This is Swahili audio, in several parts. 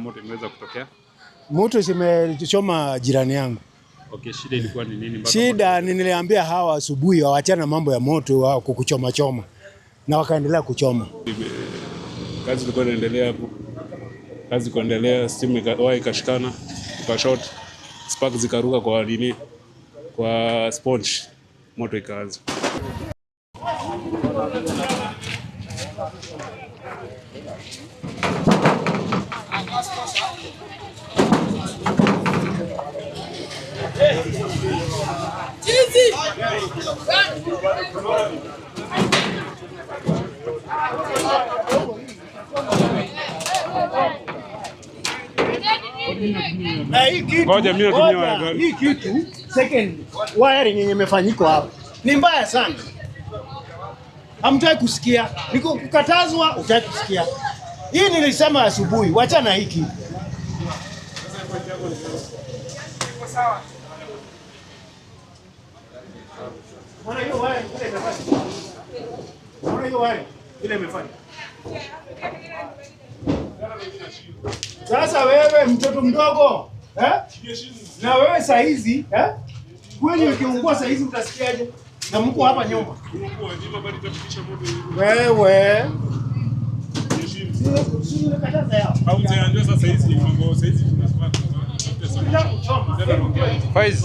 Moto imeweza kutokea? Moto zimechoma jirani yangu. Okay, shida ilikuwa ni nini? Shida niliambia hawa asubuhi waachane mambo ya moto wa kukuchoma choma na wakaendelea kuchoma. Kazi ilikuwa inaendelea hapo. Kazi kuendelea, simu waya ikashikana, ukashot. Spark zikaruka kwa nini? Kwa sponge. Moto ikaanza. Eh, hii kitu second wiring yenye imefanyiko hapa ni mbaya sana, hamtaki kusikia, kukatazwa utaki kusikia. Hii nilisema asubuhi, wachana hiki Mbona hiyo waya ile imefanya? Mbona hiyo waya ile imefanya? Sasa wewe mtoto mdogo eh? Na wewe saa hizi eh? Kweli ukiungua saa hizi utasikiaje? Na mko hapa nyuma. Wewe Faiz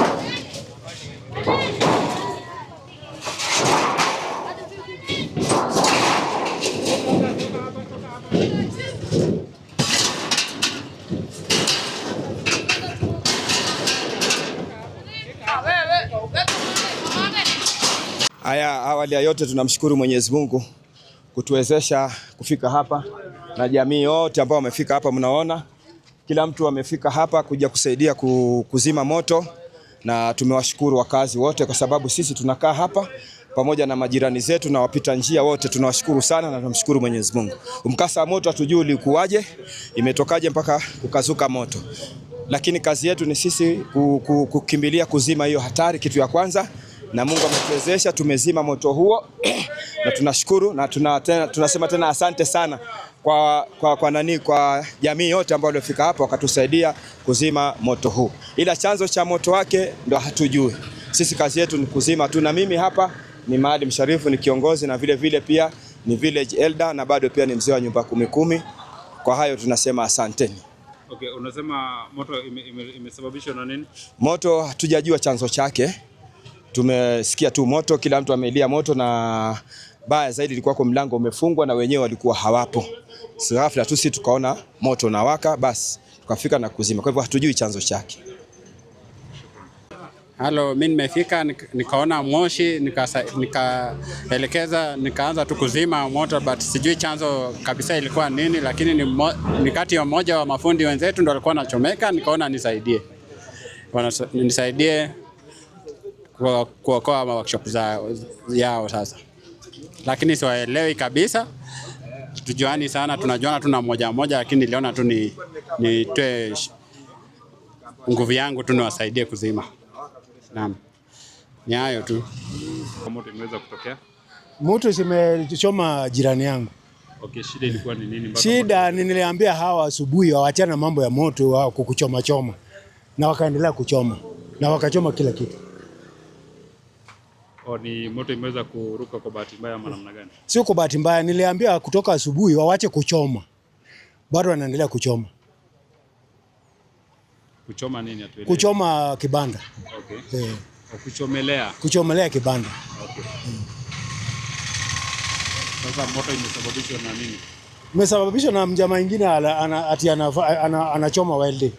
Haya, awali ya yote tunamshukuru Mwenyezi Mungu kutuwezesha kufika hapa na jamii yote ambao wamefika hapa, mnaona kila mtu amefika hapa kuja kusaidia kuzima moto, na tumewashukuru wakazi wote, kwa sababu sisi tunakaa hapa pamoja na majirani zetu na wapita njia wote, tunawashukuru sana na tunamshukuru Mwenyezi Mungu. Mkasa wa moto hatujui ulikuwaje, imetokaje mpaka ukazuka moto, lakini kazi yetu ni sisi kukimbilia kuzima hiyo hatari, kitu ya kwanza na Mungu ametuwezesha, tumezima moto huo na tunashukuru na tuna, tena, tunasema tena asante sana kwa, kwa, kwa nani kwa jamii yote ambao waliofika hapa wakatusaidia kuzima moto huu, ila chanzo cha moto wake ndo hatujui. Sisi kazi yetu ni kuzima tu, na mimi hapa ni Maalim Sharifu, ni kiongozi na vile vile pia ni village elder na bado pia ni mzee wa nyumba kumi kumi. Kwa hayo tunasema asanteni. Okay, unasema moto imesababishwa ime, ime na nini? Moto hatujajua chanzo chake tumesikia tu moto, kila mtu amelia moto, na baya zaidi ilikuwa kwa mlango umefungwa na wenyewe walikuwa hawapo. Ghafla tu sisi tukaona moto unawaka, basi tukafika na kuzima. Kwa hivyo hatujui chanzo chake. Halo, mimi nimefika nikaona moshi nikaelekeza nika nikaanza tu kuzima moto, but sijui chanzo kabisa ilikuwa nini, lakini ni, mo, ni kati ya mmoja wa mafundi wenzetu ndo alikuwa anachomeka, nikaona nisaidie, nisaidie kuokoa workshop za yao sasa, lakini siwaelewi kabisa, tujuani sana, tunajuana tu na mmoja moja lakini niliona tu ni nitoe nguvu yangu tu niwasaidie kuzima. Naam, ni hayo tu. Moto imeweza kutokea, moto zimechoma jirani yangu. Okay, shida ilikuwa ni nini? Shida ni niliambia hawa asubuhi waachane na mambo ya moto wa kukuchoma choma, na wakaendelea kuchoma na wakachoma kila kitu. O, ni moto imeweza kuruka kwa bahati mbaya ama namna gani? Sio kwa bahati mbaya, niliambia kutoka asubuhi wawache kuchoma, bado wanaendelea kuchoma. Kuchoma nini atuelewe? Kuchoma kibanda. Okay. Yeah. Kuchomelea. Kuchomelea kibanda. Okay. Yeah. Sasa moto imesababishwa na nini? Imesababishwa na mjamaa mwingine ati anachoma ana, ana, ana, ana weldi